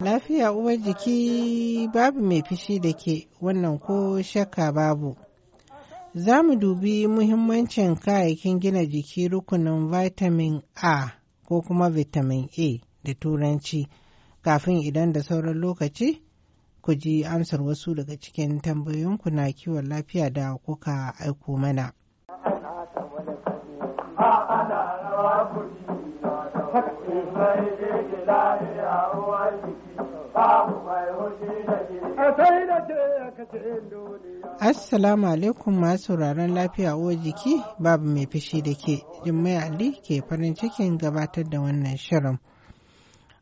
Lafiya uwar jiki babu mai fishi da ke wannan ko shakka babu. Za mu dubi muhimmancin kayayyakin gina jiki rukunin vitamin A ko kuma vitamin A da turanci kafin idan da sauran lokaci ku ji amsar wasu daga cikin tambayoyinku na kiwon lafiya da kuka aiko mana. Assalamu alaikum masu sauraron lafiya uwar jiki babu mai fishi da ke Jummai Ali ke farin cikin gabatar da wannan shirin.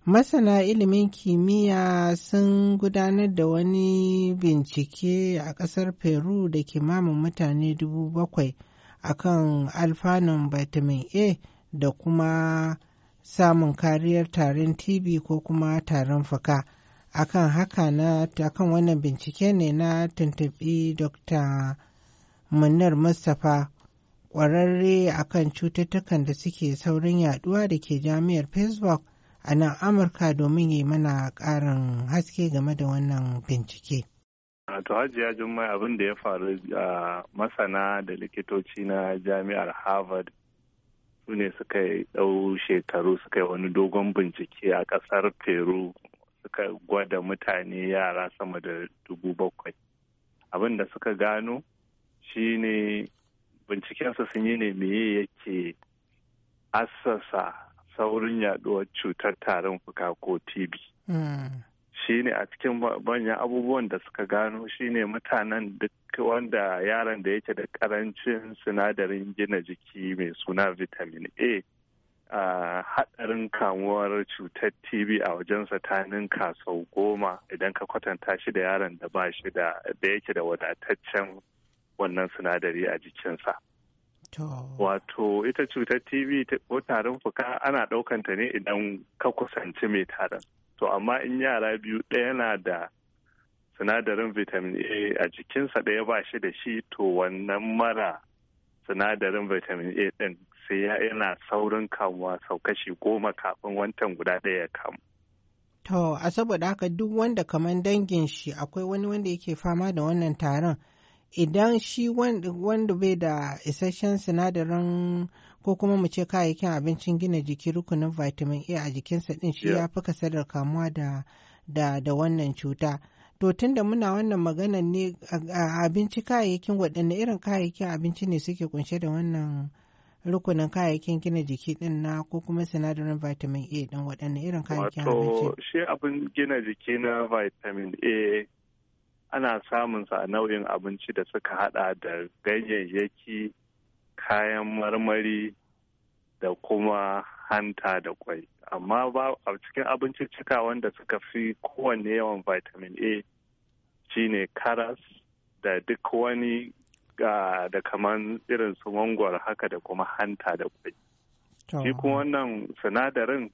Masana ilimin kimiyya sun gudanar da wani bincike a ƙasar Peru da kimamin mutane dubu bakwai akan alfanun vitamin A da kuma samun kariyar tarin TV ko kuma tarin fuka. Akan haka na akan wannan bincike ne na tuntubi Dr. Munnar Mustapha ƙwararre akan cututtukan da suke saurin yaduwa da ke jami'ar Facebook a nan Amurka domin yi mana ƙarin haske game da wannan bincike. To hajiya jummai abin da ya faru a ah, masana da likitoci na jami'ar Harvard su ne suka ɗau shekaru suka yi wani dogon bincike a ƙasar peru suka gwada mutane yara sama da dubu bakwai abin da suka gano shine bincikensu sun yi ne meye yake assasa saurin yaduwar cutar tarin fuka ko tb hmm. shine a cikin manyan abubuwan da suka gano shine mutanen duk wanda yaron da yake da karancin sinadarin gina jiki mai suna vitamin a a hadarin kamuwar cutar TV a wajensa ta ninka sau goma idan ka kwatanta shi da yaron da ba shi da yake da wadataccen wannan sinadari a jikinsa wato ita cutar TV ko tarin fuka ana ɗaukanta ne idan ka kusanci mai tarin to amma in yara biyu ɗaya na da sinadarin vitamin a a jikinsa ɗaya ba shi da shi to wannan mara sinadarin vitamin a ɗin sai yana saurin kamuwa sau kashi goma kafin wantan guda ɗaya ya kamu To, a saboda haka duk wanda kamar dangin shi akwai wani wanda yake fama da wannan taron idan shi wanda bai da isasshen sinadarin ko kuma mu ce kayayyakin abincin gina jiki rukunin vitamin A a jikinsa din shi ya fi kasar kamuwa da wannan cuta. To tunda muna wannan magana ne abinci kayayyakin waɗanne irin kayayyakin abinci ne suke kunshe da wannan rukunin kayayyakin gina jiki din na ko kuma sinadarin vitamin A din waɗanne irin kayayyakin abinci? Wato shi abin gina jiki na vitamin A ana samun sa a nau'in abinci da suka hada da ganyayyaki kayan marmari da kuma hanta da kwai amma ba a cikin abinci cika wanda suka fi kowanne yawan vitamin a shine karas da duk wani da kaman irin su mangwar haka da kuma hanta da kwai shi kuma wannan sinadarin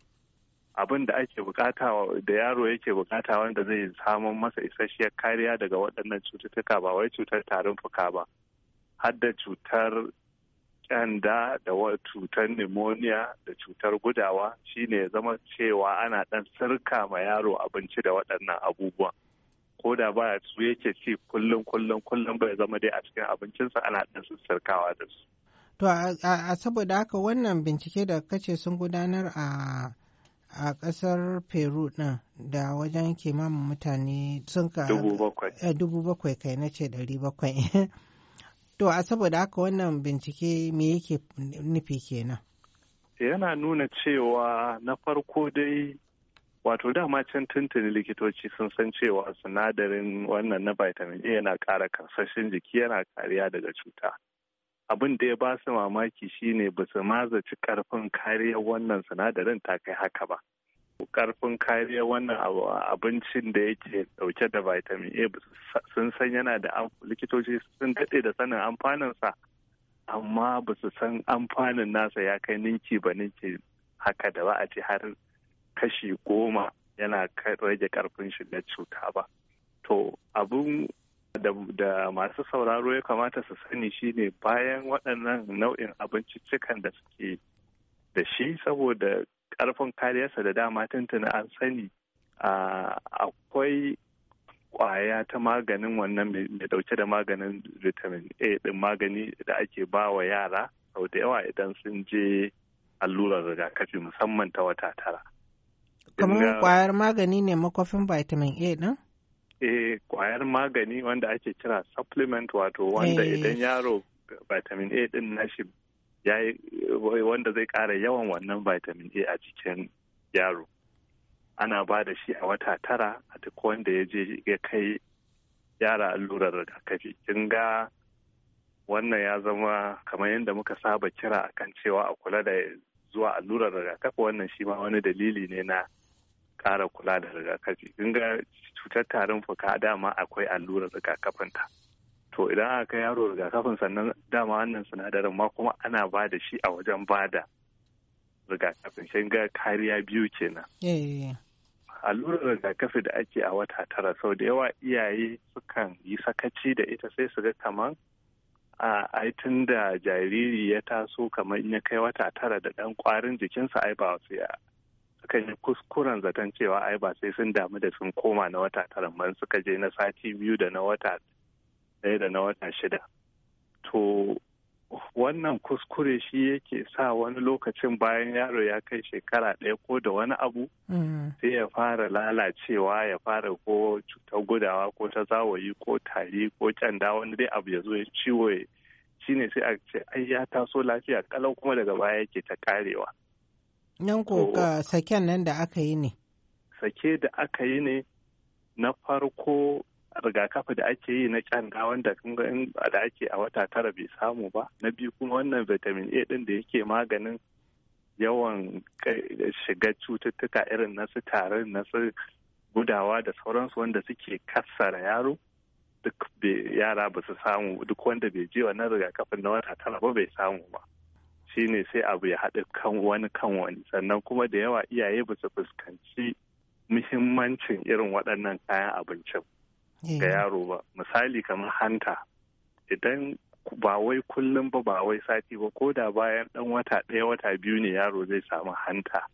abin da ake bukata da yaro yake bukata wanda zai samu masa isasshiyar kariya daga waɗannan cututtuka ba wai cutar tarin fuka ba har da cutar kyanda da cutar pneumonia da cutar gudawa shine ya zama cewa ana ɗan sirka ma yaro abinci da waɗannan abubuwa, ko da ba su yake ci kullum kullum kullum bai zama dai a cikin abincinsa ana ɗan sirkawa da su. To a saboda haka wannan bincike da kace sun gudanar a a ƙasar peru ɗin da wajen kimanin mutane sun ka dubu bakwai eh, kai na ce ɗari bakwai to a saboda haka wannan bincike me yake nufi kenan yana nuna cewa na farko dai wato dama can tuntuni likitoci sun san cewa sinadarin wannan na vitamin a yana ƙara karsashin jiki yana kariya daga cuta abin da ya ba su mamaki shine ba su mazaci karfin kariyar wannan sinadarin ta kai haka ba karfin kariyar wannan abincin da yake dauke da vitamin a sun san yana da likitoci sun daɗe da sanin amfaninsa amma ba su san amfanin nasa ya kai ninki ba ninki haka da ba a ce har kashi goma yana rage karfin na cuta ba to abin da masu sauraro ya kamata su sani shine bayan waɗannan nau'in abinciccikan da suke da shi saboda ƙarfin kariyarsa da dama tuntuna an sani akwai kwaya ta maganin wannan mai dauke da maganin vitamin a ɗin magani da ake ba wa yara sau da yawa idan sun je allurar rigakafi musamman ta wata tara. kamar kwayar magani ne makwafin vitamin a din? eh kwayar magani wanda ake kira supplement wato wanda eh. idan yaro vitamin A din nashi wanda zai kara yawan wannan vitamin A a cikin yaro ana ba da shi a wata tara a duk wanda ya je ya kai yara allurar rigakafi kin ga wannan ya zama kamar yadda muka saba kira akan cewa a kula da zuwa allurar rigakafi wannan shi ma wani dalili ne na ƙara kula da rigakafi in ga cutar tarin fuka dama akwai allurar rigakafinta to idan aka kai yaro rigakafin sannan dama wannan sinadarin ma kuma ana ba da shi a wajen ba da rigakafin shi ga kariya biyu kenan eh. allurar rigakafi da ake a wata tara sau da yawa iyaye sukan yi sakaci da ita sai su ga kaman a ai da jariri ya taso kamar in ya kai wata tara da ɗan kwarin jikinsa ai ba sai suka yi kuskuren zaton cewa ai ba sai sun damu da sun koma na wata tara man suka je na sati biyu da na wata ɗaya da na wata shida to wannan kuskure shi yake sa wani lokacin bayan yaro ya kai shekara ɗaya ko da wani abu mm. sai ya fara lalacewa ya fara ko cutar gudawa ko ta zawayi ko tari ko kyanda wani dai abu ya zo ya ciwo shine sai a ce ai ya taso lafiya kalau kuma daga baya yake ta karewa Nan ko saken nan da aka yi ne? Sake da aka yi ne na farko rigakafi da ake yi na kyanda wanda da ake a wata tara bai samu ba. Na biyu kuma wannan vitamin A din da yake maganin yawan shiga cututtuka irin na su tarin na su gudawa da sauransu wanda suke kassara yaro. duk yara ba su samu duk wanda bai je wannan rigakafin na wata tara ba bai samu ba. shine sai abu ya haɗu kan wani kan wani sannan kuma da yawa iyaye ba su fuskanci muhimmancin irin waɗannan kayan abincin eh. ga yaro ba misali kamar hanta idan ba wai kullum ba ba wai sati ba ko da bayan ɗan wata ɗaya wata biyu ne yaro zai samu hanta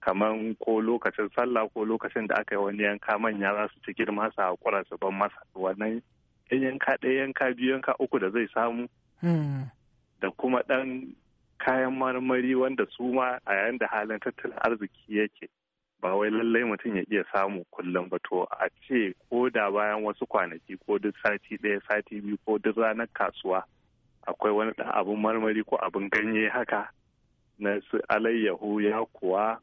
kamar ko lokacin sallah ko lokacin da aka yi wani yanka manya za su ci girma su haƙura su ban masa wannan yan yanka ɗaya yanka biyu yanka uku da zai samu hmm. da kuma ɗan kayan marmari wanda su ma a yayin da halin tattalin arziki yake ba wai lallai mutum ya iya samu kullum ba to a ce ko da bayan wasu kwanaki ko duk sati ɗaya sati biyu ko duk ranar kasuwa akwai wani ɗan abin marmari ko abin ganye haka na su alayyahu ya kuwa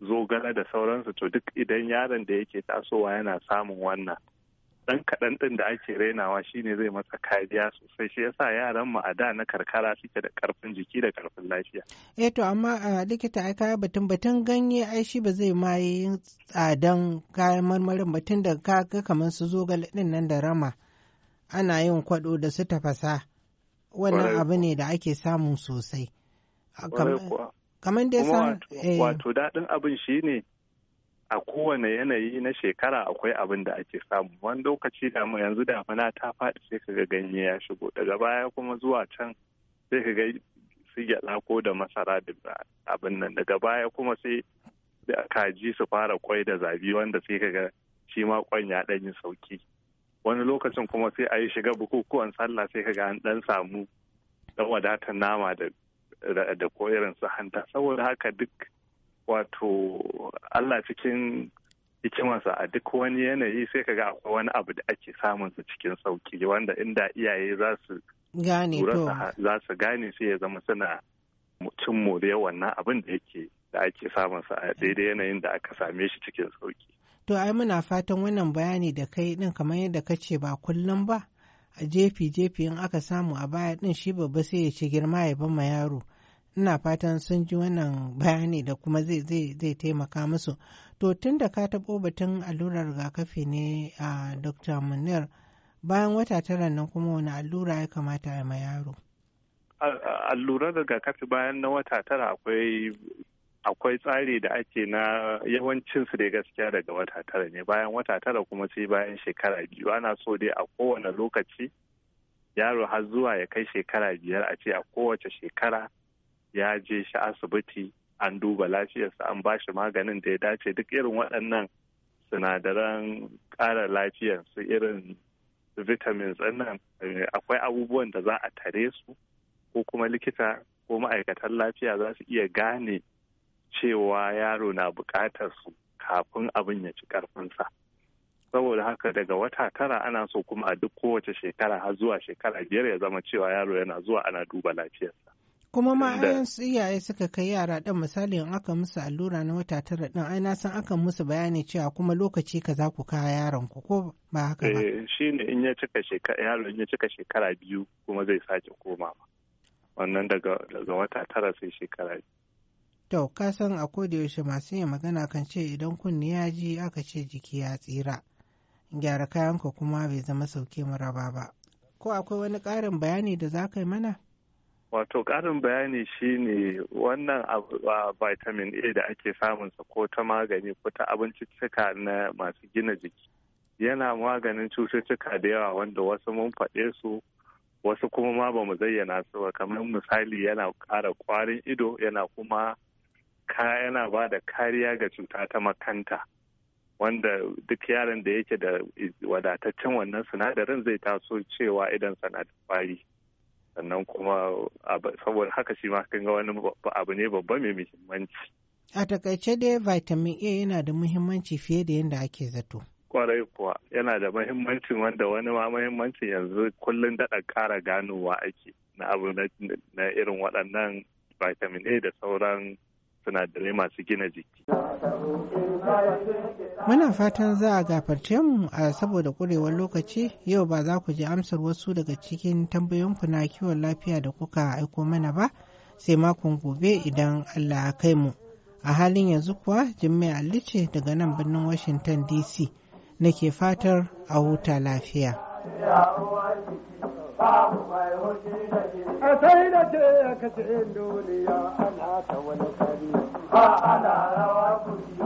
zogale da sauransu to duk idan yaron da yake tasowa yana samun wannan dan kaɗan ɗin da ake rainawa shine zai masa kariya sosai shi yasa yaran mu a da na karkara suke da karfin jiki da karfin lafiya. Eh to amma a likita a kaya batun batun ganye ai shi ba zai ma yi tsadan kayan marmarin batun da ka ga kamar su zogale ɗin nan da rama ana yin kwaɗo da su tafasa wannan abu ne da ake samu sosai. Kamar eh. Wato daɗin abin shi ne a kowane yanayi na shekara akwai abin da ake samu wani lokaci da yanzu damuna ta faɗi sai kaga ganye ya shigo daga baya kuma zuwa can sai kaga su gyaɗa ko da masara da abin nan daga baya kuma sai kaji su fara kwai da zabi wanda sai kaga shi ma kwan ya ɗan yi sauki wani lokacin kuma sai a yi shiga bukukuwan sallah sai kaga an dan samu ɗan wadatar nama da da su hanta saboda haka duk wato Allah cikin hikimarsa a duk wani yanayi sai kaga akwai wani abu da ake samun su cikin sauki wanda inda iyaye za su gane za su gane sai ya zama suna cin more wannan abin da yake da ake samun sa a daidai yanayin da aka same shi cikin sauki to ai muna fatan wannan bayani da kai din kamar yadda ka ce ba kullum ba a jefi jefi in aka samu a baya din shi babba sai ya ci girma ya ma yaro ina fatan sun ji wannan bayani da kuma zai taimaka musu to tun da ka taɓo batun allurar rigakafi ne a dr munir bayan wata tara nan kuma wani allura ya kamata a yaro allurar rigakafi bayan na wata tara akwai tsari da ake na yawancin su dai gaskiya daga wata tara ne bayan wata tara kuma sai bayan shekara biyu ana so dai a kowane lokaci yaro har zuwa ya kai shekara biyar a ce a kowace shekara ya je shi asibiti an duba lafiyarsa an ba shi maganin da ya dace duk irin waɗannan sinadaran ƙara lafiyar irin vitamins nan eh, akwai abubuwan da za a tare su ko kuma likita ko ma'aikatan lafiya za su iya gane cewa yaro na buƙatar su kafin abin ya ci ƙarfinsa saboda haka daga wata tara ana so kuma a duk kowace shekara har zuwa shekara biyar ya zama cewa yaro yana zuwa ana duba lafiyarsa Kuma ma an iyaye suka kai yara ɗan misali in aka musu allura na wata tara ɗin ai na san aka musu bayani cewa kuma lokaci ka za ku kawo yaron ku ko ba haka ba. Eh, shi ne in ya cika shekara yaro ya cika shekara biyu kuma zai sake koma wannan daga daga wata tara sai shekara To ka san a koda yaushe masu yin magana kan ce idan kunni ya ji aka ce jiki ya tsira. Gyara kayanka kuma bai zama sauke maraba ba. Ko akwai wani ƙarin bayani da za ka yi mana? Wato ƙarin bayani shine wannan vitamin A da ake samunsa ko ta magani ko ta abinciccika na masu gina jiki. Yana maganin cututtuka da yawa wanda wasu mun faɗe su wasu kuma ma ba mu zayyana su ba kamar misali yana ƙara ƙwarin ido yana kuma ka yana ba da kariya ga cuta ta makanta wanda duk yaron da yake da wadataccen wannan sinadarin zai taso cewa idan sana da kwari. sannan kuma saboda haka shi ma kan ga wani abu ne babba mai muhimmanci a takaice dai vitamin a yana da muhimmanci fiye da yadda ake zato kwarai kuwa yana da mahimmancin wanda wani ma muhimmanci yanzu kullum daɗa ƙara ganowa ake na abu na irin waɗannan vitamin a da sauran sinadarai masu gina jiki. Muna fatan za a gafarce mu a saboda kurewar lokaci yau ba za ku ji amsar wasu daga cikin tambayoyinku na kiwon lafiya da kuka aiko mana ba sai makon gobe idan Allah ya kai mu. A halin yanzu kuwa Jummai Alice daga nan birnin Washington DC nake fatar a huta lafiya. babu da ke a sai ce ka ce duniya ana ta wani kari ba ana rawa kuɗi